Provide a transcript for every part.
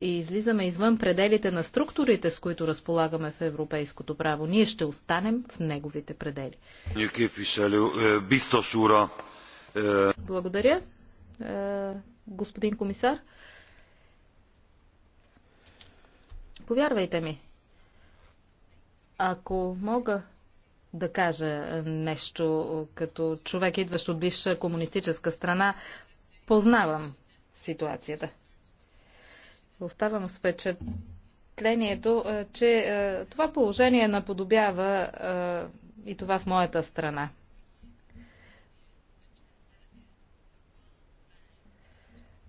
и излизаме извън пределите на структурите, с които разполагаме в европейското право. Ние ще останем в неговите предели. Е, е. Благодаря, е, господин комисар. Повярвайте ми, ако мога да кажа нещо като човек, идващ от бивша комунистическа страна, познавам ситуацията оставам с впечатлението, е, че е, това положение наподобява е, и това в моята страна.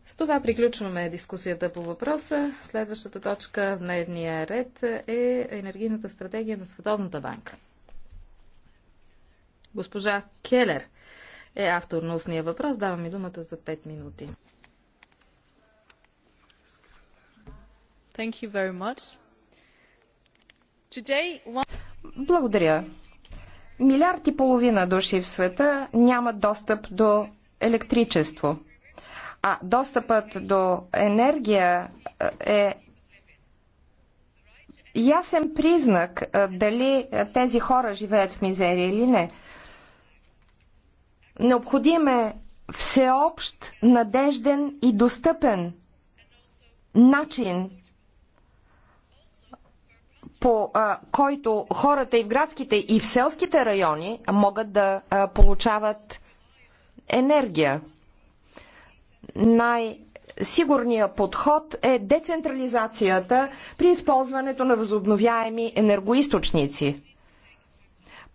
С това приключваме дискусията по въпроса. Следващата точка в дневния ред е енергийната стратегия на Световната банка. Госпожа Келер е автор на устния въпрос. Давам ми думата за 5 минути. Благодаря. Милиард и половина души в света нямат достъп до електричество. А достъпът до енергия е, е ясен признак е, дали е, тези хора живеят в мизерия или не. Необходим е всеобщ, надежден и достъпен начин по а, който хората и в градските, и в селските райони могат да а, получават енергия. Най-сигурният подход е децентрализацията при използването на възобновяеми енергоисточници.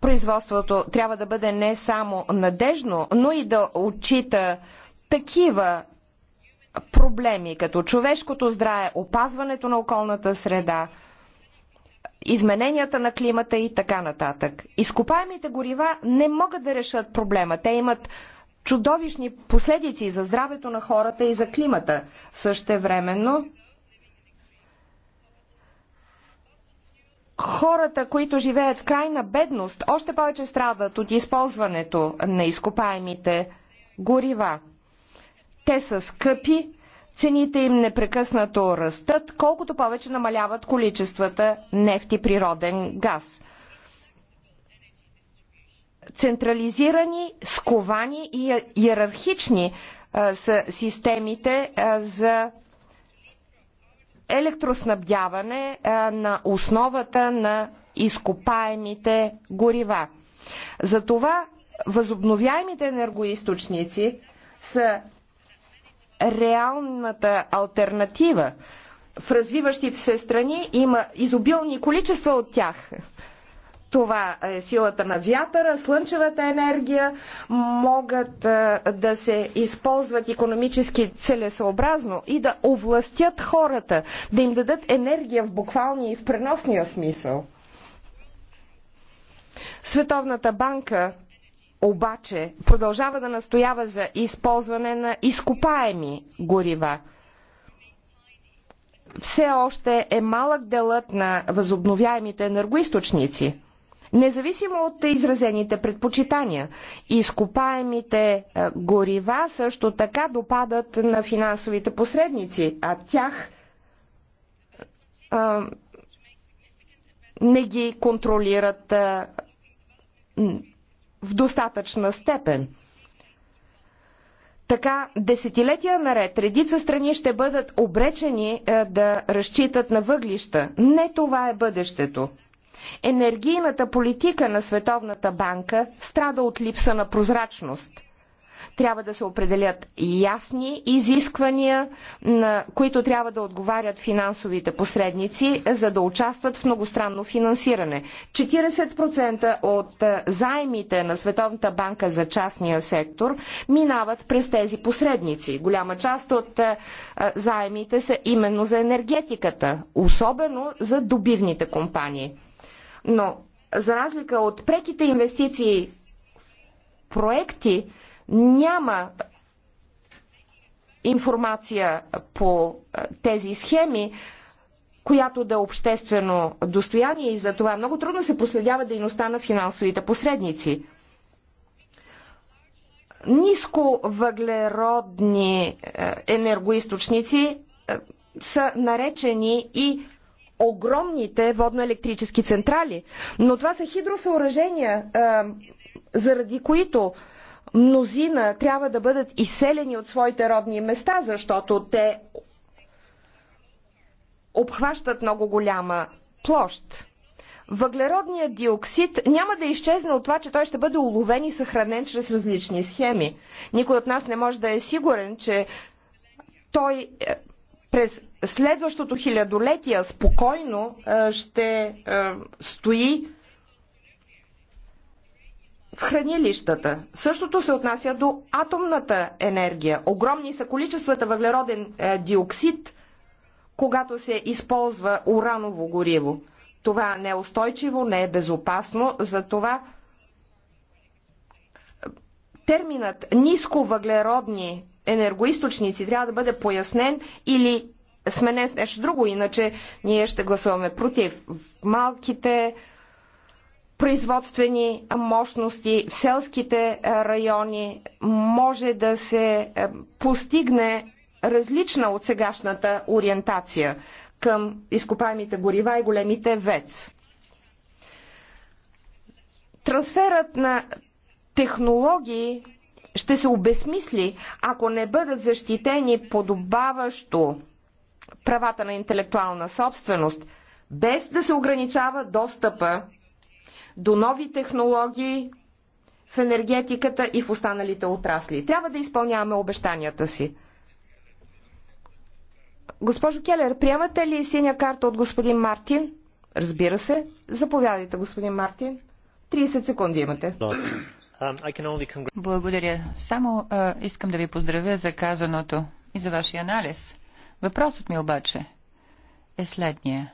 Производството трябва да бъде не само надежно, но и да отчита такива проблеми като човешкото здраве, опазването на околната среда – измененията на климата и така нататък. Изкопаемите горива не могат да решат проблема. Те имат чудовищни последици за здравето на хората и за климата. Същевременно хората, които живеят в крайна бедност, още повече страдат от използването на изкопаемите горива. Те са скъпи, Цените им непрекъснато растат, колкото повече намаляват количествата нефт и природен газ. Централизирани, сковани и иерархични а, са системите а, за електроснабдяване а, на основата на изкопаемите горива. Затова възобновяемите енергоисточници са реалната альтернатива. В развиващите се страни има изобилни количества от тях. Това е силата на вятъра, слънчевата енергия могат да се използват економически целесообразно и да овластят хората, да им дадат енергия в буквалния и в преносния смисъл. Световната банка обаче продължава да настоява за използване на изкопаеми горива. Все още е малък делът на възобновяемите енергоисточници. Независимо от изразените предпочитания, изкопаемите е, горива също така допадат на финансовите посредници, а тях а, е, не ги контролират а, е, в достатъчна степен. Така десетилетия наред редица страни ще бъдат обречени е, да разчитат на въглища. Не това е бъдещето. Енергийната политика на Световната банка страда от липса на прозрачност – трябва да се определят ясни изисквания, на които трябва да отговарят финансовите посредници, за да участват в многостранно финансиране. 40% от заемите на Световната банка за частния сектор минават през тези посредници. Голяма част от заемите са именно за енергетиката, особено за добивните компании. Но за разлика от преките инвестиции в проекти, няма информация по тези схеми, която да е обществено достояние и за това много трудно се последява дейността на финансовите посредници. Ниско въглеродни енергоисточници са наречени и огромните водно-електрически централи, но това са хидросъоръжения, заради които мнозина трябва да бъдат изселени от своите родни места, защото те обхващат много голяма площ. Въглеродният диоксид няма да изчезне от това, че той ще бъде уловен и съхранен чрез различни схеми. Никой от нас не може да е сигурен, че той е, през следващото хилядолетие спокойно е, ще е, стои в хранилищата. Същото се отнася до атомната енергия. Огромни са количествата въглероден е, диоксид, когато се използва ураново гориво. Това не е устойчиво, не е безопасно, затова терминът ниско въглеродни енергоисточници трябва да бъде пояснен или сменен с нещо друго, иначе ние ще гласуваме против. Малките производствени мощности в селските е, райони може да се е, постигне различна от сегашната ориентация към изкопаемите горива и големите вец. Трансферът на технологии ще се обесмисли, ако не бъдат защитени подобаващо правата на интелектуална собственост, без да се ограничава достъпа до нови технологии в енергетиката и в останалите отрасли. Трябва да изпълняваме обещанията си. Госпожо Келер, приемате ли синя карта от господин Мартин? Разбира се. Заповядайте, господин Мартин. 30 секунди имате. Благодаря. Само а, искам да ви поздравя за казаното и за вашия анализ. Въпросът ми обаче е следния.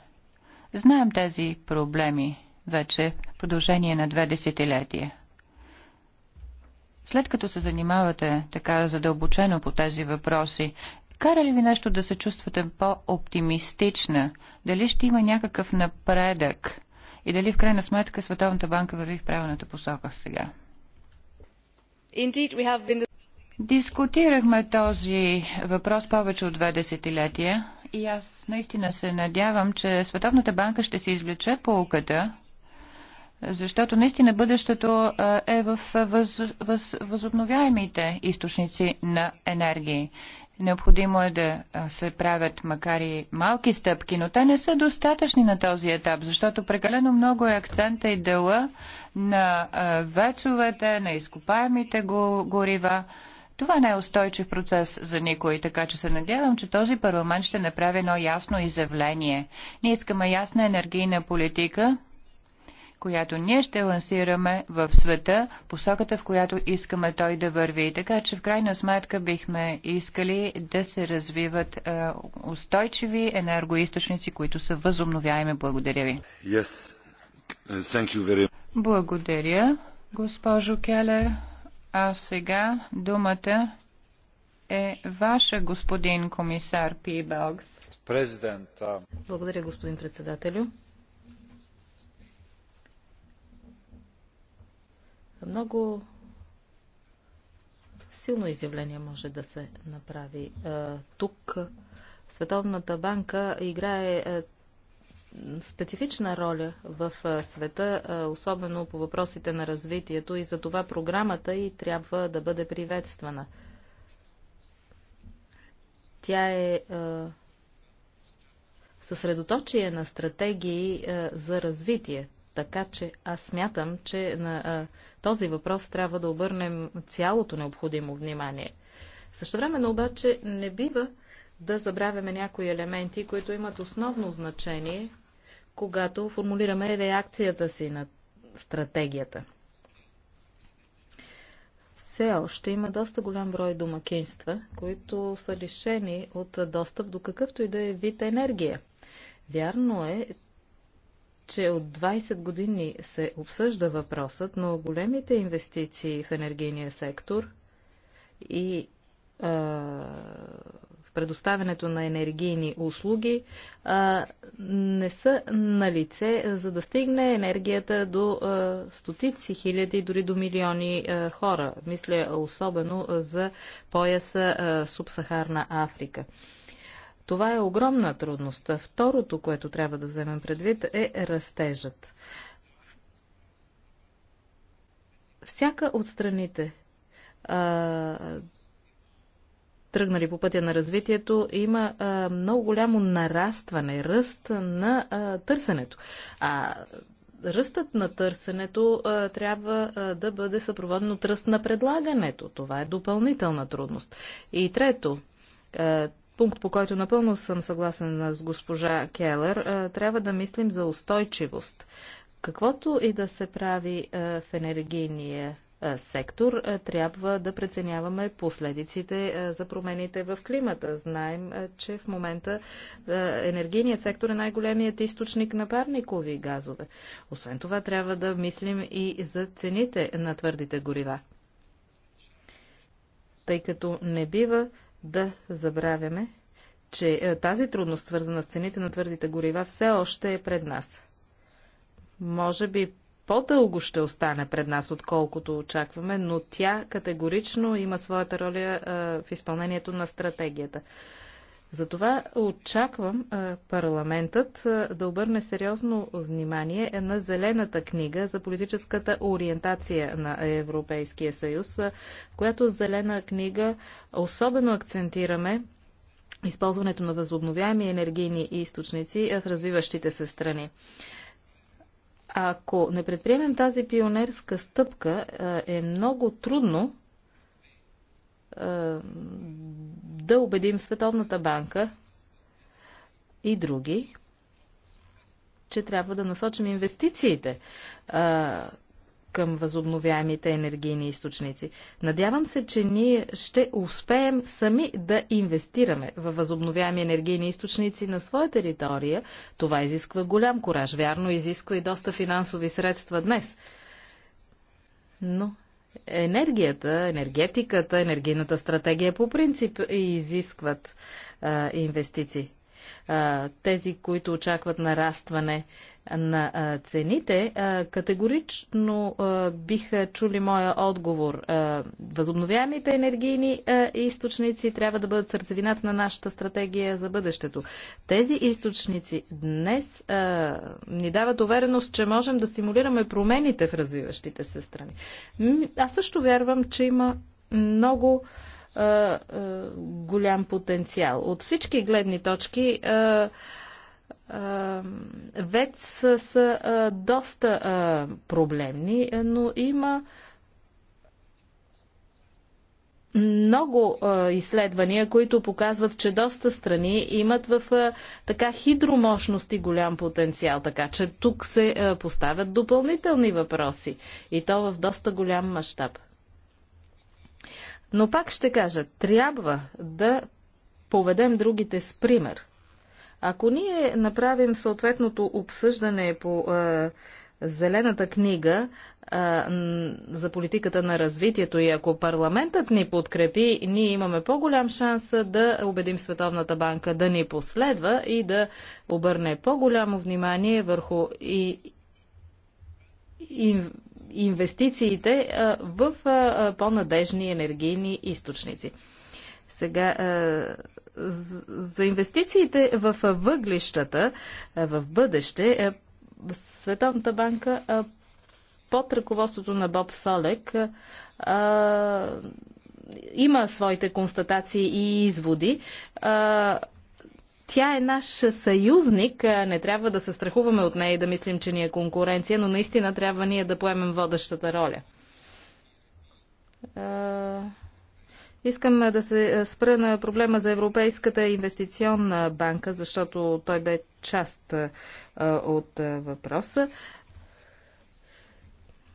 Знаем тези проблеми вече продължение на две десетилетия. След като се занимавате така задълбочено по тези въпроси, кара ли ви нещо да се чувствате по-оптимистична? Дали ще има някакъв напредък? И дали в крайна сметка Световната банка върви в правилната посока сега? Indeed, we have been... Дискутирахме този въпрос повече от две десетилетия и аз наистина се надявам, че Световната банка ще се извлече полката. Защото наистина бъдещето е в въз, въз, възобновяемите източници на енергии. Необходимо е да се правят макар и малки стъпки, но те не са достатъчни на този етап, защото прекалено много е акцента и дела на вецовете, на изкопаемите горива. Това не е устойчив процес за никой, така че се надявам, че този парламент ще направи едно ясно изявление. Ние искаме ясна енергийна политика, която ние ще лансираме в света, посоката в която искаме той да върви. Така че в крайна сметка бихме искали да се развиват е, устойчиви енергоисточници, които са възобновяеми. Благодаря ви. Yes. Thank you very... Благодаря, госпожо Келер. А сега думата е ваша, господин комисар Пибелгс. Президента. Благодаря, господин председателю. Много силно изявление може да се направи. Тук Световната банка играе специфична роля в света, особено по въпросите на развитието и за това програмата и трябва да бъде приветствана. Тя е съсредоточие на стратегии за развитие. Така че аз смятам, че на а, този въпрос трябва да обърнем цялото необходимо внимание. Също Същевременно обаче не бива да забравяме някои елементи, които имат основно значение, когато формулираме реакцията си на стратегията. Все още има доста голям брой домакинства, които са лишени от достъп до какъвто и да е вид енергия. Вярно е, че от 20 години се обсъжда въпросът, но големите инвестиции в енергийния сектор и а, в предоставянето на енергийни услуги а, не са на лице, за да стигне енергията до а, стотици хиляди, дори до милиони а, хора. Мисля особено за пояса а, Субсахарна Африка. А, това е огромна трудност. Второто, което трябва да вземем предвид е растежът. Всяка от страните а, тръгнали по пътя на развитието, има а, много голямо нарастване, ръст на а, търсенето. А ръстът на търсенето а, трябва а, да бъде съпроводен от ръст на предлагането. Това е допълнителна трудност. И трето, а, пункт, по който напълно съм съгласен с госпожа Келер, трябва да мислим за устойчивост. Каквото и да се прави в енергийния сектор, трябва да преценяваме последиците за промените в климата. Знаем, че в момента енергийният сектор е най-големият източник на парникови газове. Освен това, трябва да мислим и за цените на твърдите горива. Тъй като не бива да забравяме, че е, тази трудност, свързана с цените на твърдите горива, все още е пред нас. Може би по-дълго ще остане пред нас, отколкото очакваме, но тя категорично има своята роля е, в изпълнението на стратегията. Затова очаквам парламентът да обърне сериозно внимание на зелената книга за политическата ориентация на Европейския съюз, в която зелена книга особено акцентираме използването на възобновяеми енергийни източници в развиващите се страни. Ако не предприемем тази пионерска стъпка, е много трудно да убедим Световната банка и други, че трябва да насочим инвестициите а, към възобновяемите енергийни източници. Надявам се, че ние ще успеем сами да инвестираме в възобновяеми енергийни източници на своя територия. Това изисква голям кораж. Вярно, изисква и доста финансови средства днес. Но Енергията, енергетиката, енергийната стратегия по принцип изискват а, инвестиции. А, тези, които очакват нарастване на цените, категорично биха чули моя отговор. Възобновяемите енергийни източници трябва да бъдат сърцевината на нашата стратегия за бъдещето. Тези източници днес ни дават увереност, че можем да стимулираме промените в развиващите се страни. Аз също вярвам, че има много голям потенциал. От всички гледни точки ВЕЦ са доста проблемни, но има много изследвания, които показват, че доста страни имат в така хидромощности голям потенциал, така че тук се поставят допълнителни въпроси и то в доста голям мащаб. Но пак ще кажа, трябва да поведем другите с пример. Ако ние направим съответното обсъждане по Зелената книга а, за политиката на развитието и ако парламентът ни подкрепи, ние имаме по-голям шанс да убедим Световната банка да ни последва и да обърне по-голямо внимание върху и, и, инвестициите в по-надежни енергийни източници. Сега, е, за инвестициите в е, въглищата е, в бъдеще, Световната банка под ръководството на Боб Солек има своите констатации и изводи. Тя е наш съюзник, не трябва да се страхуваме от нея и да мислим, че ни е конкуренция, но наистина трябва ние да поемем водещата роля. Искам да се спра на проблема за Европейската инвестиционна банка, защото той бе част от въпроса.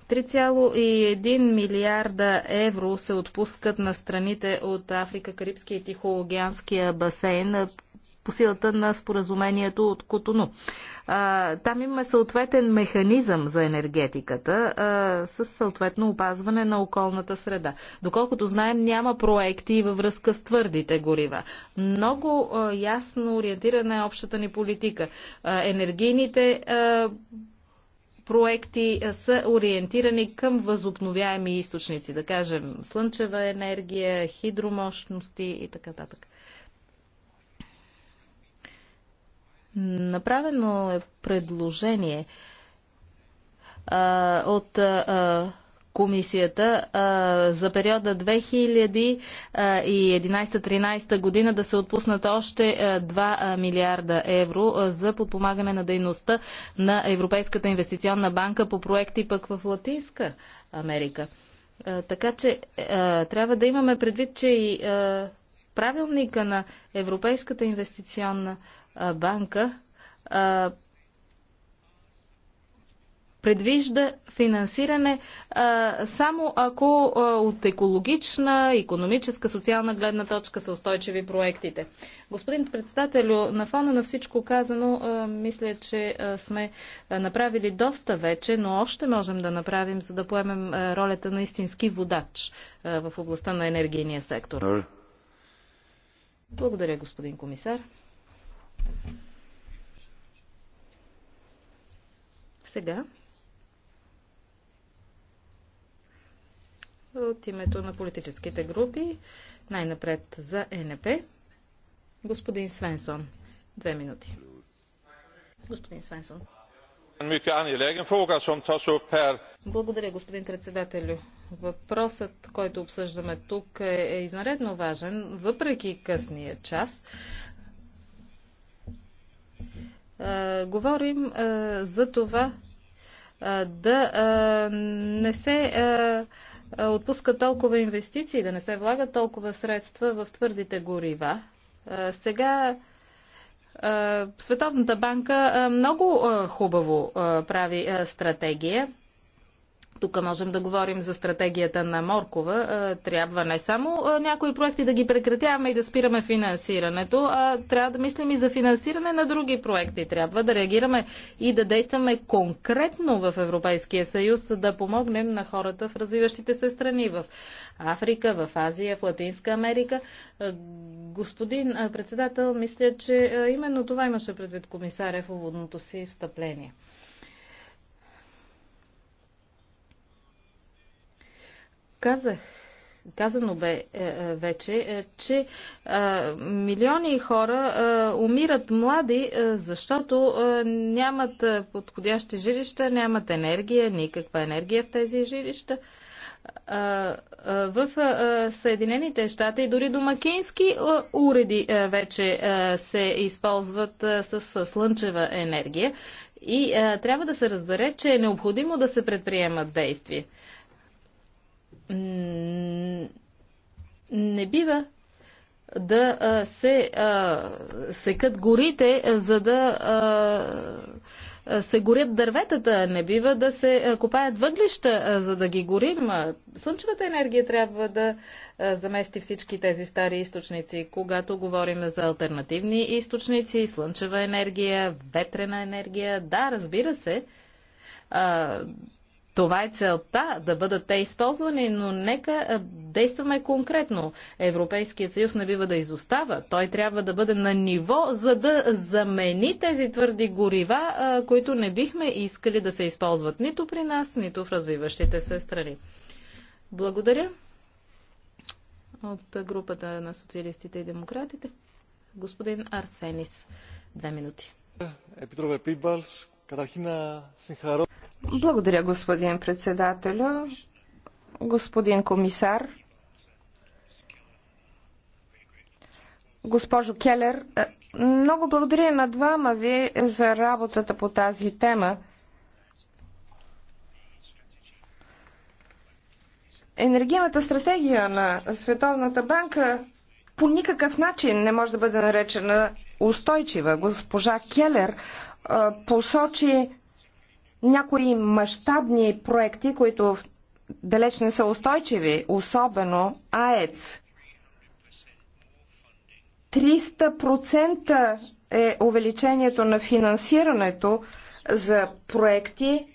3,1 милиарда евро се отпускат на страните от Африка, Карибския и Тихоокеанския басейн по силата на споразумението от Котону. Там има съответен механизъм за енергетиката с съответно опазване на околната среда. Доколкото знаем, няма проекти във връзка с твърдите горива. Много ясно ориентирана е общата ни политика. Енергийните проекти са ориентирани към възобновяеми източници, да кажем слънчева енергия, хидромощности и така нататък. Направено е предложение а, от а, комисията а, за периода 2011-2013 година да се отпуснат още 2 милиарда евро за подпомагане на дейността на Европейската инвестиционна банка по проекти пък в Латинска Америка. А, така че а, трябва да имаме предвид, че и правилника на Европейската инвестиционна банка банка а, предвижда финансиране а, само ако а, от екологична, економическа, социална гледна точка са устойчиви проектите. Господин председателю, на фона на всичко казано, а, мисля, че а, сме а, направили доста вече, но още можем да направим, за да поемем а, ролята на истински водач а, в областта на енергийния сектор. Благодаря, господин комисар. Сега от името на политическите групи, най-напред за е НП, господин Свенсон. Две минути. Господин Свенсон. Благодаря, господин председателю. Въпросът, който обсъждаме тук е, е важен, въпреки късния час говорим за това да не се отпускат толкова инвестиции, да не се влагат толкова средства в твърдите горива. Сега Световната банка много хубаво прави стратегия тук можем да говорим за стратегията на Моркова. Е, трябва не само е, някои проекти да ги прекратяваме и да спираме финансирането, а трябва да мислим и за финансиране на други проекти. Трябва да реагираме и да действаме конкретно в Европейския съюз, да помогнем на хората в развиващите се страни в Африка, в Азия, в Латинска Америка. Е, господин председател, мисля, че именно това имаше предвид комисаря в уводното си встъпление. Казах, казано бе е, е вече, е, че е, милиони хора умират млади, защото нямат подходящи жилища, нямат енергия, никаква енергия в тези жилища. В Съединените щати и дори домакински уреди вече се използват с слънчева енергия и трябва да се разбере, че е необходимо да се предприемат действия не бива да се секат горите, за да се горят дърветата, не бива да се копаят въглища, за да ги горим. Слънчевата енергия трябва да замести всички тези стари източници. Когато говорим за альтернативни източници, слънчева енергия, ветрена енергия, да, разбира се, това е целта да бъдат те използвани, но нека действаме конкретно. Европейският съюз не бива да изостава. Той трябва да бъде на ниво, за да замени тези твърди горива, които не бихме искали да се използват нито при нас, нито в развиващите се страни. Благодаря. От групата на социалистите и демократите, господин Арсенис. Две минути. Епитрове Пибалс, Катархина Синхаро. Благодаря, господин председателю. Господин комисар, госпожо Келер, много благодаря на двама ви за работата по тази тема. Енергийната стратегия на Световната банка по никакъв начин не може да бъде наречена устойчива. Госпожа Келер посочи някои мащабни проекти, които далеч не са устойчиви, особено АЕЦ. 300% е увеличението на финансирането за проекти,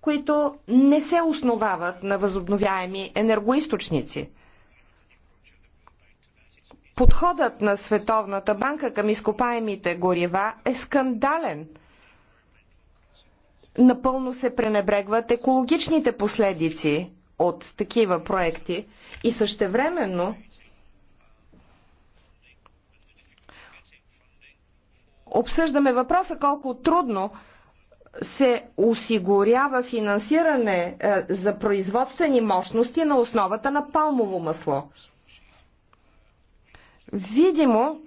които не се основават на възобновяеми енергоисточници. Подходът на Световната банка към изкопаемите горива е скандален – напълно се пренебрегват екологичните последици от такива проекти и същевременно обсъждаме въпроса колко трудно се осигурява финансиране е, за производствени мощности на основата на палмово масло. Видимо,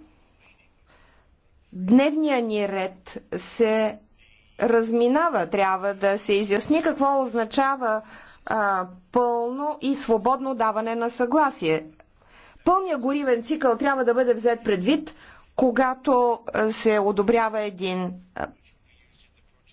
дневния ни ред се разминава. Трябва да се изясни какво означава а, пълно и свободно даване на съгласие. Пълния горивен цикъл трябва да бъде взет предвид, когато се одобрява един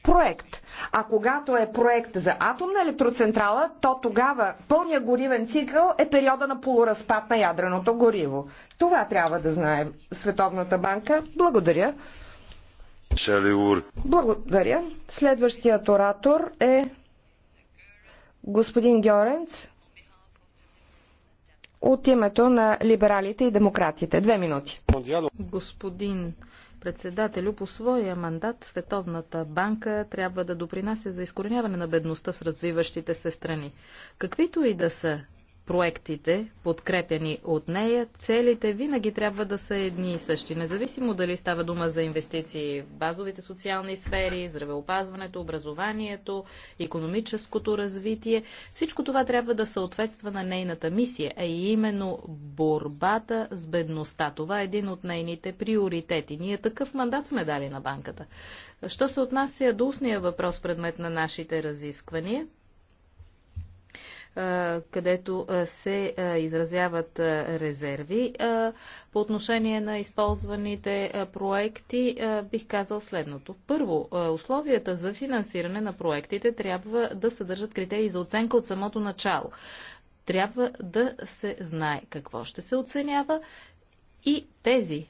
проект. А когато е проект за атомна електроцентрала, то тогава пълния горивен цикъл е периода на полуразпад на ядреното гориво. Това трябва да знае Световната банка. Благодаря. Благодаря. Следващият оратор е господин Гьоренц от името на либералите и демократите. Две минути. Господин председателю, по своя мандат Световната банка трябва да допринася за изкореняване на бедността в развиващите се страни. Каквито и да са проектите, подкрепени от нея, целите винаги трябва да са едни и същи, независимо дали става дума за инвестиции в базовите социални сфери, здравеопазването, образованието, економическото развитие. Всичко това трябва да съответства на нейната мисия, а и именно борбата с бедността. Това е един от нейните приоритети. Ние такъв мандат сме дали на банката. Що се отнася до устния въпрос, предмет на нашите разисквания – където се изразяват резерви. По отношение на използваните проекти бих казал следното. Първо, условията за финансиране на проектите трябва да съдържат критерии за оценка от самото начало. Трябва да се знае какво ще се оценява и тези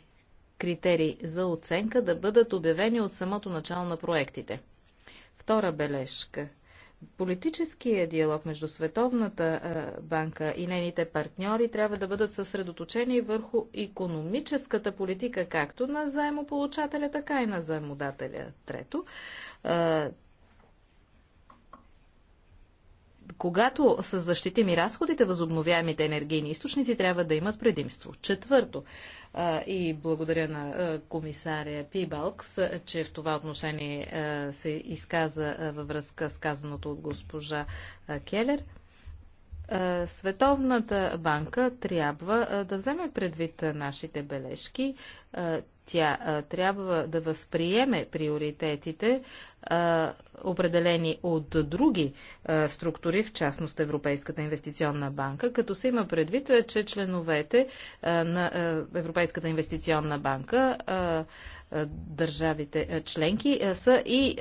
критерии за оценка да бъдат обявени от самото начало на проектите. Втора бележка – Политическия диалог между Световната банка и нейните партньори трябва да бъдат съсредоточени върху економическата политика както на заемополучателя, така и на заемодателя. Трето, Когато са защитими разходите, възобновяемите енергийни източници трябва да имат предимство. Четвърто, и благодаря на комисаря Пибалкс, че в това отношение се изказа във връзка с казаното от госпожа Келер – е, Световната банка трябва е, да вземе предвид е, нашите бележки. Тя трябва да възприеме приоритетите, определени от други структури, в частност Европейската инвестиционна банка, като се има предвид, че членовете на Европейската инвестиционна банка е, държавите е, членки е, са и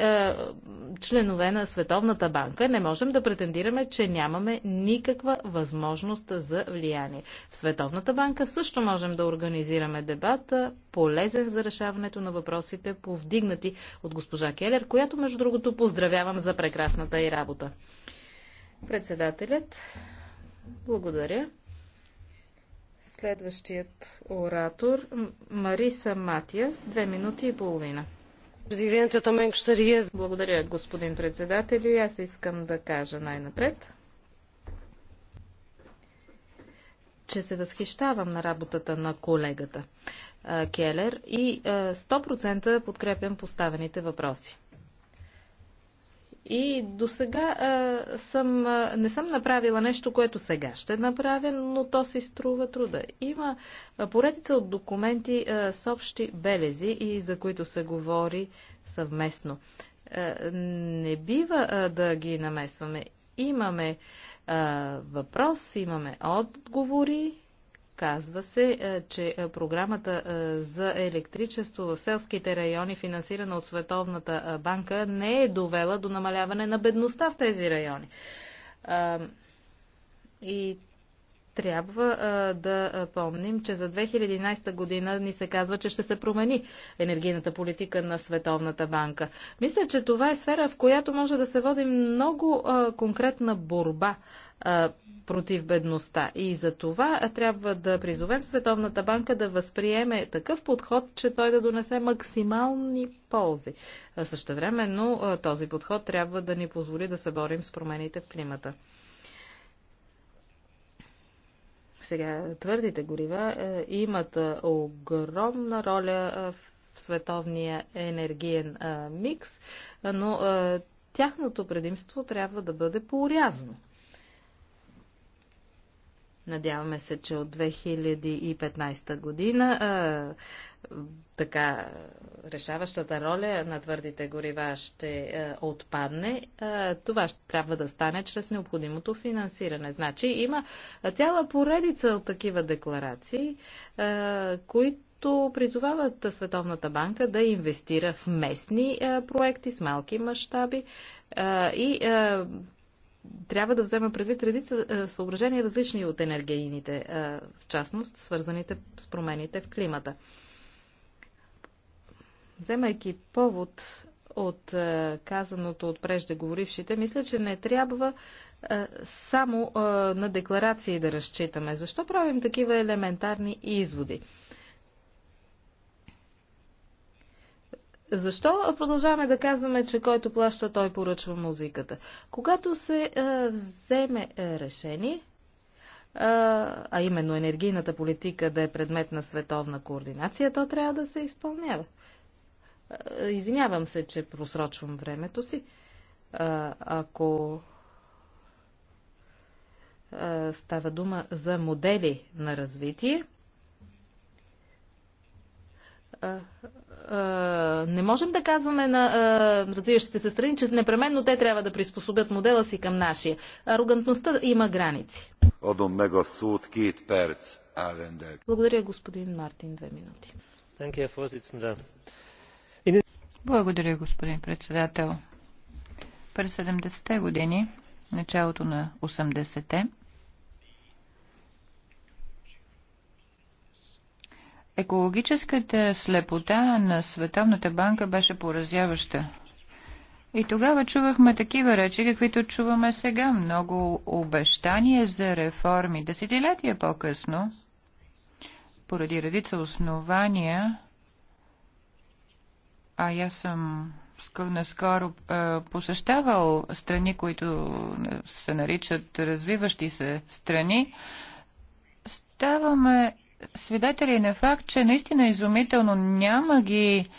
членове на Световната банка. Не можем да претендираме, че нямаме никаква възможност за влияние. В Световната банка също можем да организираме дебат, полезен за решаването на въпросите, повдигнати от госпожа Келер, която, между другото, поздравявам за прекрасната и работа. Председателят, благодаря. Следващият оратор Мариса Матиас, две минути и половина. Благодаря, господин председател, и Аз искам да кажа най-напред, че се възхищавам на работата на колегата Келер и 100% подкрепям поставените въпроси. И до сега съм, не съм направила нещо, което сега ще направя, но то си струва труда. Има поредица от документи а, с общи белези и за които се говори съвместно. А, не бива а, да ги намесваме. Имаме въпрос, имаме отговори, Казва се, е, че е, програмата е, за електричество в селските райони, финансирана от Световната банка, не е довела до намаляване на бедността в тези райони. И трябва а, да помним, че за 2011 година ни се казва, че ще се промени енергийната политика на Световната банка. Мисля, че това е сфера, в която може да се води много а, конкретна борба а, против бедността. И за това трябва да призовем Световната банка да възприеме такъв подход, че той да донесе максимални ползи. Същевременно този подход трябва да ни позволи да се борим с промените в климата. Сега, твърдите горива е, имат е, огромна роля е, в световния енергиен микс, но тяхното предимство трябва да бъде поорязано. Надяваме се, че от 2015 година а, така решаващата роля на твърдите горива ще а, отпадне. А, това ще трябва да стане чрез необходимото финансиране. Значи има цяла поредица от такива декларации, а, които то призовават Световната банка да инвестира в местни а, проекти с малки мащаби и а, трябва да вземем предвид редица е, съображения, различни от енергийните, е, в частност, свързаните с промените в климата. Вземайки повод от е, казаното от преждеговорившите, мисля, че не трябва само на декларации да разчитаме. Защо правим такива елементарни изводи? Защо продължаваме да казваме, че който плаща, той поръчва музиката? Когато се е, вземе е, решение, е, а именно енергийната политика да е предмет на световна координация, то трябва да се изпълнява. Е, извинявам се, че просрочвам времето си. Е, ако става дума за модели на развитие, не можем да казваме на развиващите се страни, че непременно те трябва да приспособят модела си към нашия. Арогантността има граници. Благодаря, господин Мартин. Две минути. Благодаря, господин председател. През 70-те години, началото на 80-те, Екологическата слепота на Световната банка беше поразяваща. И тогава чувахме такива речи, каквито чуваме сега. Много обещания за реформи. Десетилетия по-късно, поради редица основания, а аз съм наскоро е, посещавал страни, които се наричат развиващи се страни, ставаме свидетели на факт, че наистина изумително няма ги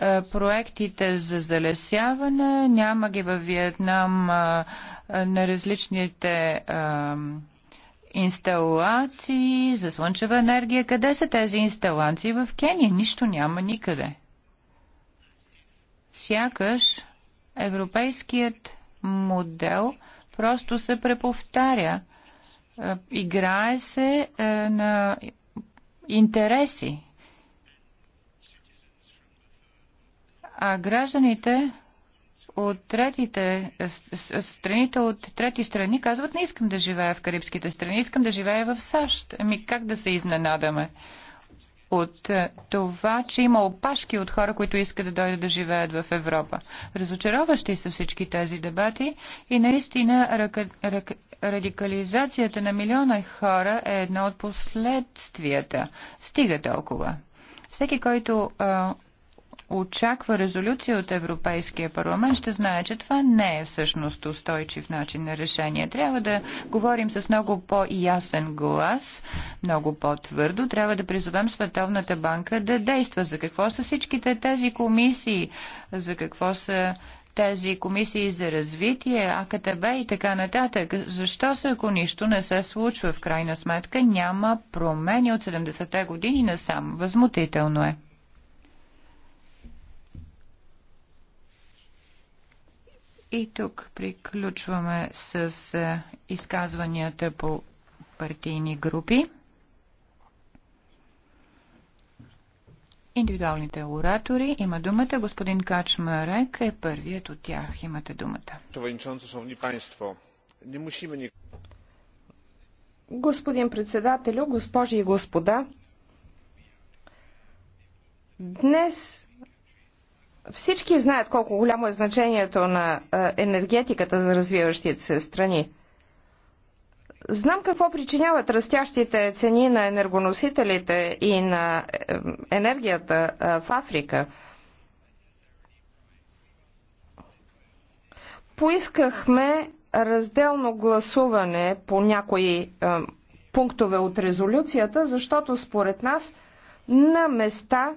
е, проектите за залесяване, няма ги във Виетнам е, е, на различните инсталации за слънчева енергия. Къде са тези инсталации? В Кения нищо няма никъде. Сякаш европейският модел просто се преповтаря. Играе се на интереси. А гражданите от третите, страните от трети страни казват, не искам да живея в Карибските страни, искам да живея в САЩ. Ами как да се изненадаме? от е, това, че има опашки от хора, които искат да дойдат да живеят в Европа. Разочароващи са всички тези дебати и наистина ръка, ръка, радикализацията на милиона хора е едно от последствията. Стига толкова. Всеки, който а, очаква резолюция от Европейския парламент, ще знае, че това не е всъщност устойчив начин на решение. Трябва да говорим с много по-ясен глас, много по-твърдо. Трябва да призовем Световната банка да действа. За какво са всичките тези комисии? За какво са тези комисии за развитие, АКТБ и така нататък. Защо се, ако нищо не се случва, в крайна сметка няма промени от 70-те години насам? Възмутително е. И тук приключваме с е, изказванията по партийни групи. Индивидуалните оратори има думата. Господин Качмарек е първият от тях. Имате думата. Господин председателю, госпожи и господа, днес всички знаят колко голямо е значението на е, енергетиката за развиващите се страни. Знам какво причиняват растящите цени на енергоносителите и на е, енергията е, в Африка. Поискахме разделно гласуване по някои е, пунктове от резолюцията, защото според нас на места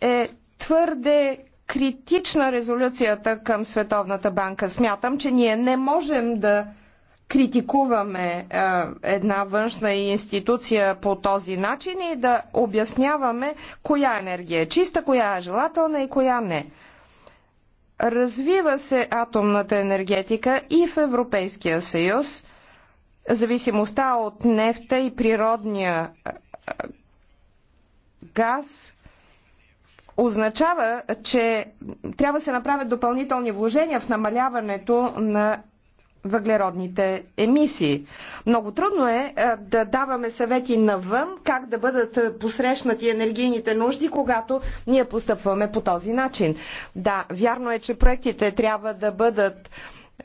е твърде критична резолюцията към Световната банка. Смятам, че ние не можем да критикуваме е, една външна институция по този начин и да обясняваме коя енергия е чиста, коя е желателна и коя не. Развива се атомната енергетика и в Европейския съюз. Зависимостта от нефта и природния е, газ означава, че трябва да се направят допълнителни вложения в намаляването на въглеродните емисии. Много трудно е, е да даваме съвети навън как да бъдат е, посрещнати енергийните нужди, когато ние постъпваме по този начин. Да, вярно е, че проектите трябва да бъдат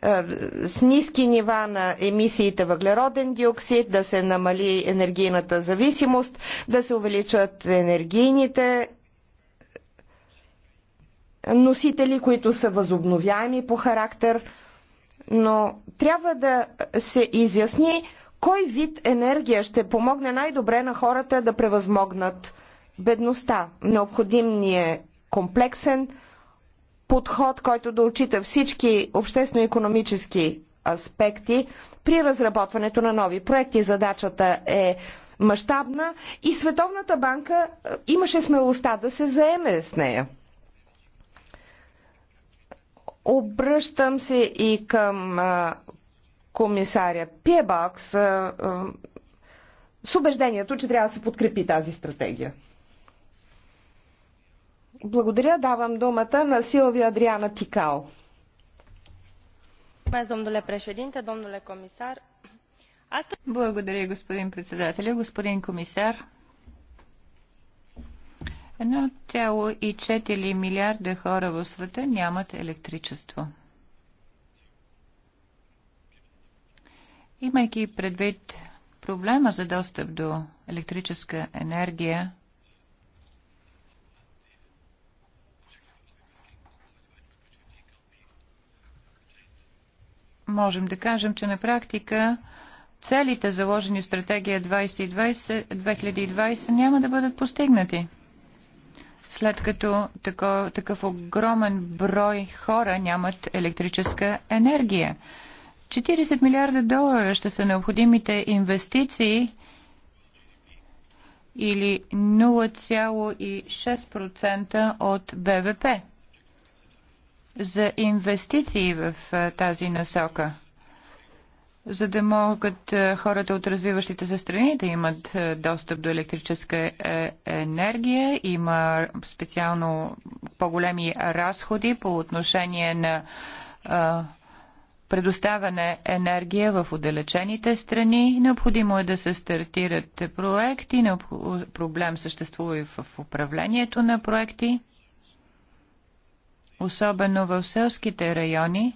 е, с ниски нива на емисиите въглероден диоксид, да се намали енергийната зависимост, да се увеличат енергийните носители, които са възобновяеми по характер – но трябва да се изясни кой вид енергия ще помогне най-добре на хората да превъзмогнат бедността. Необходим ни е комплексен подход, който да отчита всички обществено-економически аспекти при разработването на нови проекти. Задачата е мащабна и Световната банка е, имаше смелостта да се заеме с нея. Обръщам се и към комисаря Пиебакс с убеждението, че трябва да се подкрепи тази стратегия. Благодаря. Давам думата на Силвия Адриана Тикал. Благодаря, господин председател, господин комисар. 1,4 милиарда хора в света нямат електричество. Имайки предвид проблема за достъп до електрическа енергия, можем да кажем, че на практика целите заложени в стратегия 2020, 2020 няма да бъдат постигнати след като такъв огромен брой хора нямат електрическа енергия. 40 милиарда долара ще са необходимите инвестиции или 0,6% от БВП за инвестиции в тази насока за да могат е, хората от развиващите се страни да имат е, достъп до електрическа е, енергия. Има специално по-големи разходи по отношение на предоставяне енергия в отдалечените страни. Необходимо е да се стартират проекти. Проблем съществува и в управлението на проекти, особено в селските райони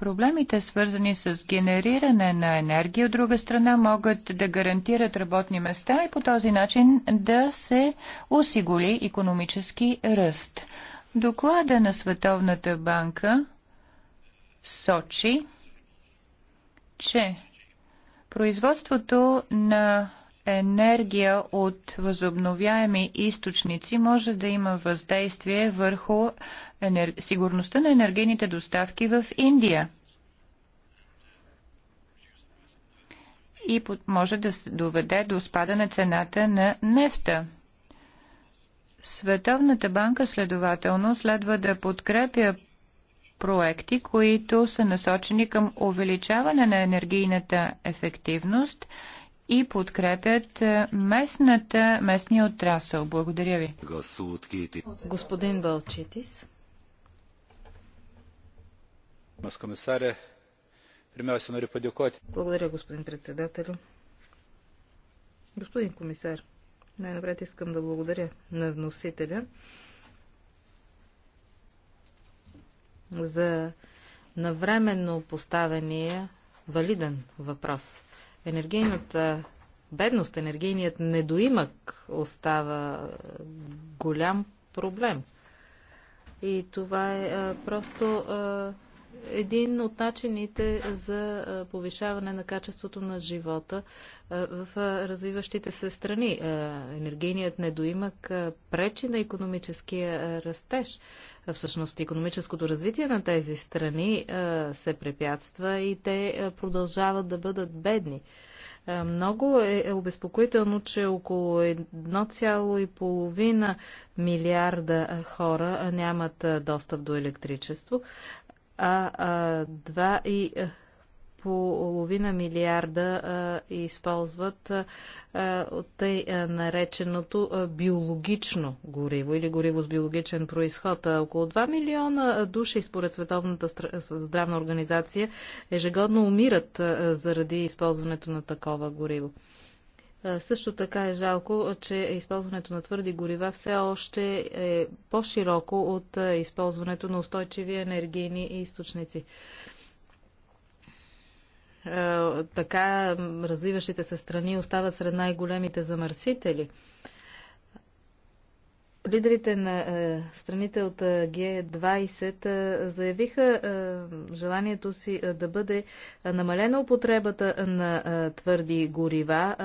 Проблемите, свързани с генериране на енергия, от друга страна, могат да гарантират работни места и по този начин да се осигури економически ръст. Доклада на Световната банка сочи, че производството на енергия от възобновяеми източници може да има въздействие върху енер... сигурността на енергийните доставки в Индия. И може да се доведе до спадане цената на нефта. Световната банка следователно следва да подкрепя проекти, които са насочени към увеличаване на енергийната ефективност – и подкрепят е, местната, местния отрасъл. Благодаря ви. Господин Балчитис. Благодаря, господин председател. Господин комисар, най-напред искам да благодаря на вносителя за навременно поставения валиден въпрос – енергийната бедност, енергийният недоимък остава е, голям проблем. И това е а, е, просто а, е, един от начините за повишаване на качеството на живота в развиващите се страни. Енергийният недоимък пречи на економическия растеж. Всъщност, економическото развитие на тези страни се препятства и те продължават да бъдат бедни. Много е, е обезпокоително, че около 1,5 милиарда хора нямат достъп до електричество а, а 2 и половина милиарда а, използват а, от тъй а, нареченото а, биологично гориво или гориво с биологичен происход. А, около 2 милиона души според Световната здравна организация ежегодно умират а, заради използването на такова гориво. Също така е жалко, че използването на твърди горива все още е по-широко от използването на устойчиви енергийни източници. Така развиващите се страни остават сред най-големите замърсители. Лидерите на е, страните от е, Г20 е, заявиха желанието си да бъде намалена употребата на твърди горива.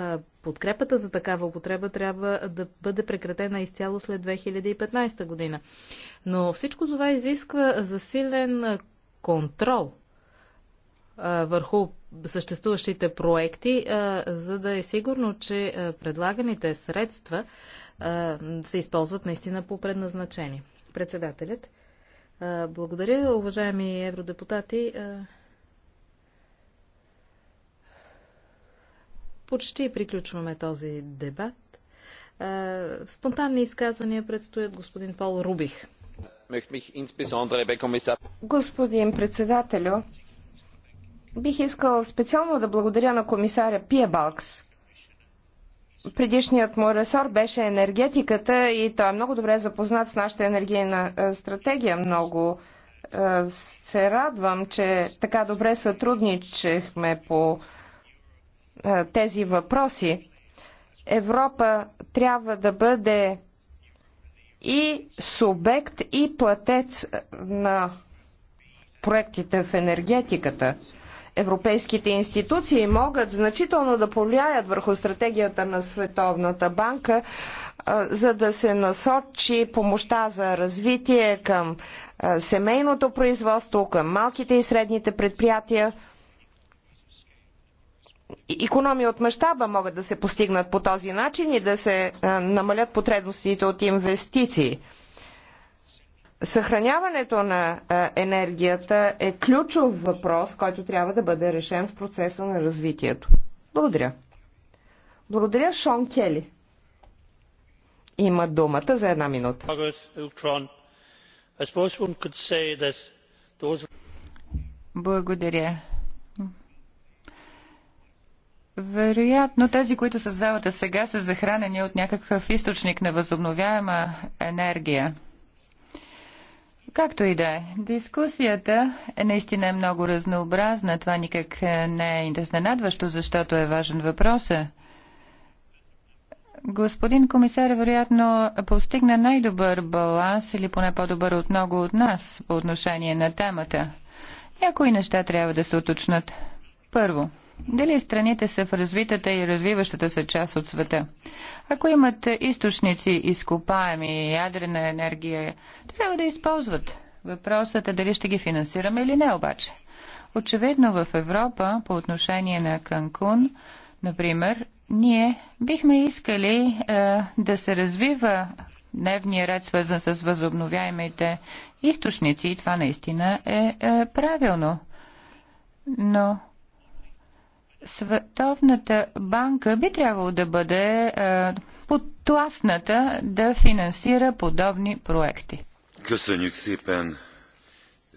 Подкрепата за такава употреба трябва да бъде прекратена изцяло след 2015 година. Но всичко това изисква засилен контрол върху съществуващите проекти, за да е сигурно, че предлаганите средства се използват наистина по предназначение. Председателят. Благодаря, уважаеми евродепутати. Почти приключваме този дебат. Спонтанни изказвания предстоят господин Пол Рубих. Господин председателю, Бих искал специално да благодаря на комисаря Пия Балкс. Предишният му ресор беше енергетиката и той е много добре запознат с нашата енергийна е, стратегия. Много е, се радвам, че така добре сътрудничехме по е, тези въпроси. Европа трябва да бъде и субект, и платец на проектите в енергетиката. Европейските институции могат значително да повлияят върху стратегията на Световната банка, за да се насочи помощта за развитие към семейното производство, към малките и средните предприятия. Икономии от мащаба могат да се постигнат по този начин и да се намалят потребностите от инвестиции. Съхраняването на енергията е ключов въпрос, който трябва да бъде решен в процеса на развитието. Благодаря. Благодаря, Шон Кели. Има думата за една минута. Благодаря. Вероятно, тези, които са в залата сега, са захранени от някакъв източник на възобновяема енергия. Както и да е, дискусията е наистина много разнообразна. Това никак не е интересненадващо, защото е важен въпрос. Господин комисар, вероятно, постигна най-добър баланс или поне по-добър от много от нас по отношение на темата. Някои неща трябва да се уточнат. Първо – дали страните са в развитата и развиващата се част от света? Ако имат източници, изкопаеми, ядрена енергия, трябва да използват. Въпросът е дали ще ги финансираме или не обаче. Очевидно в Европа, по отношение на Канкун, например, ние бихме искали е, да се развива дневния ред, свързан с възобновяемите източници. И това наистина е, е правилно. Но Световната банка би трябвало да бъде е, подтласната да финансира подобни проекти.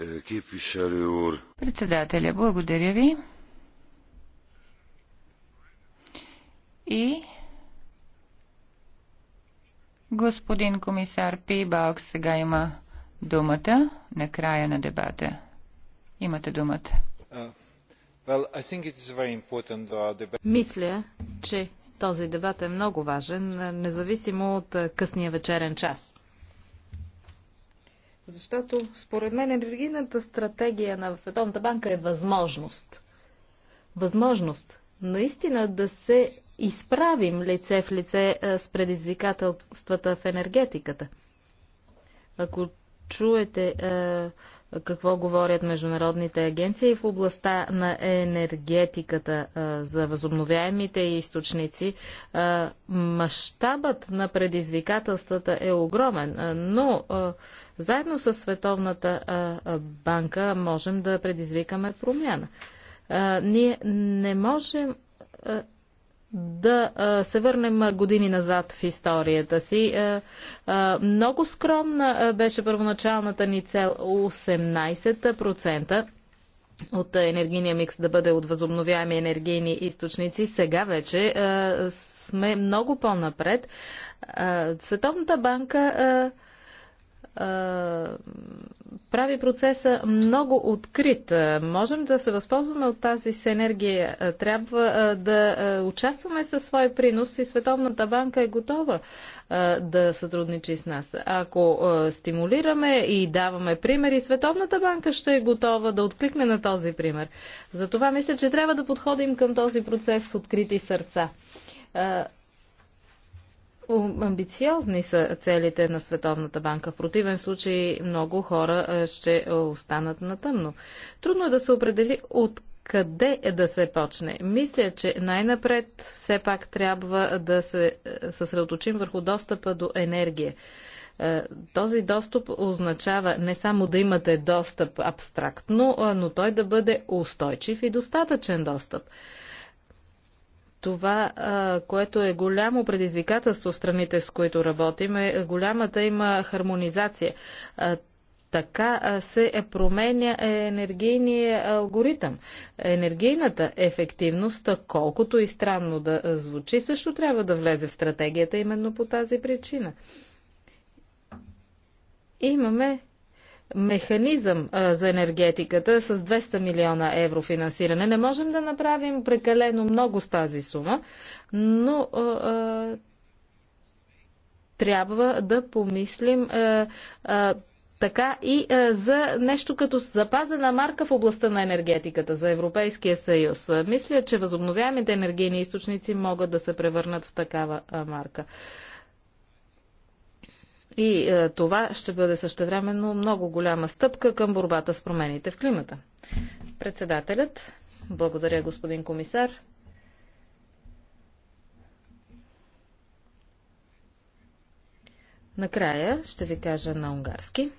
Е, Председателя, благодаря ви. И господин комисар Пибалк сега има думата на края на дебата. Имате думата. Uh, Мисля, че този дебат е много важен, е, независимо от е, късния вечерен час. Защото, според мен, енергийната стратегия на Световната банка е възможност. Възможност наистина да се изправим лице в лице е, с предизвикателствата в енергетиката. Ако чуете е, какво говорят международните агенции в областта на енергетиката за възобновяемите източници. Мащабът на предизвикателствата е огромен, но заедно с Световната банка можем да предизвикаме промяна. Ние не можем да се върнем години назад в историята си. Много скромна беше първоначалната ни цел 18% от енергийния микс да бъде от възобновяеми енергийни източници. Сега вече сме много по-напред. Световната банка прави процеса много открит. Можем да се възползваме от тази си енергия. Трябва да участваме със своя принос и Световната банка е готова да сътрудничи с нас. Ако стимулираме и даваме примери, Световната банка ще е готова да откликне на този пример. Затова мисля, че трябва да подходим към този процес с открити сърца Амбициозни са целите на Световната банка. В противен случай много хора ще останат на тъмно. Трудно е да се определи от къде е да се почне. Мисля, че най-напред все пак трябва да се съсредоточим върху достъпа до енергия. Този достъп означава не само да имате достъп абстрактно, но той да бъде устойчив и достатъчен достъп това, което е голямо предизвикателство страните, с които работим, е голямата има хармонизация. Така се е променя енергийния алгоритъм. Енергийната ефективност, колкото и странно да звучи, също трябва да влезе в стратегията именно по тази причина. Имаме механизъм а, за енергетиката с 200 милиона евро финансиране. Не можем да направим прекалено много с тази сума, но а, а, трябва да помислим така и а, за нещо като запазена марка в областта на енергетиката за Европейския съюз. Мисля, че възобновяемите енергийни източници могат да се превърнат в такава а, марка. И е, това ще бъде същевременно много голяма стъпка към борбата с промените в климата. Председателят, благодаря господин комисар. Накрая ще ви кажа на унгарски.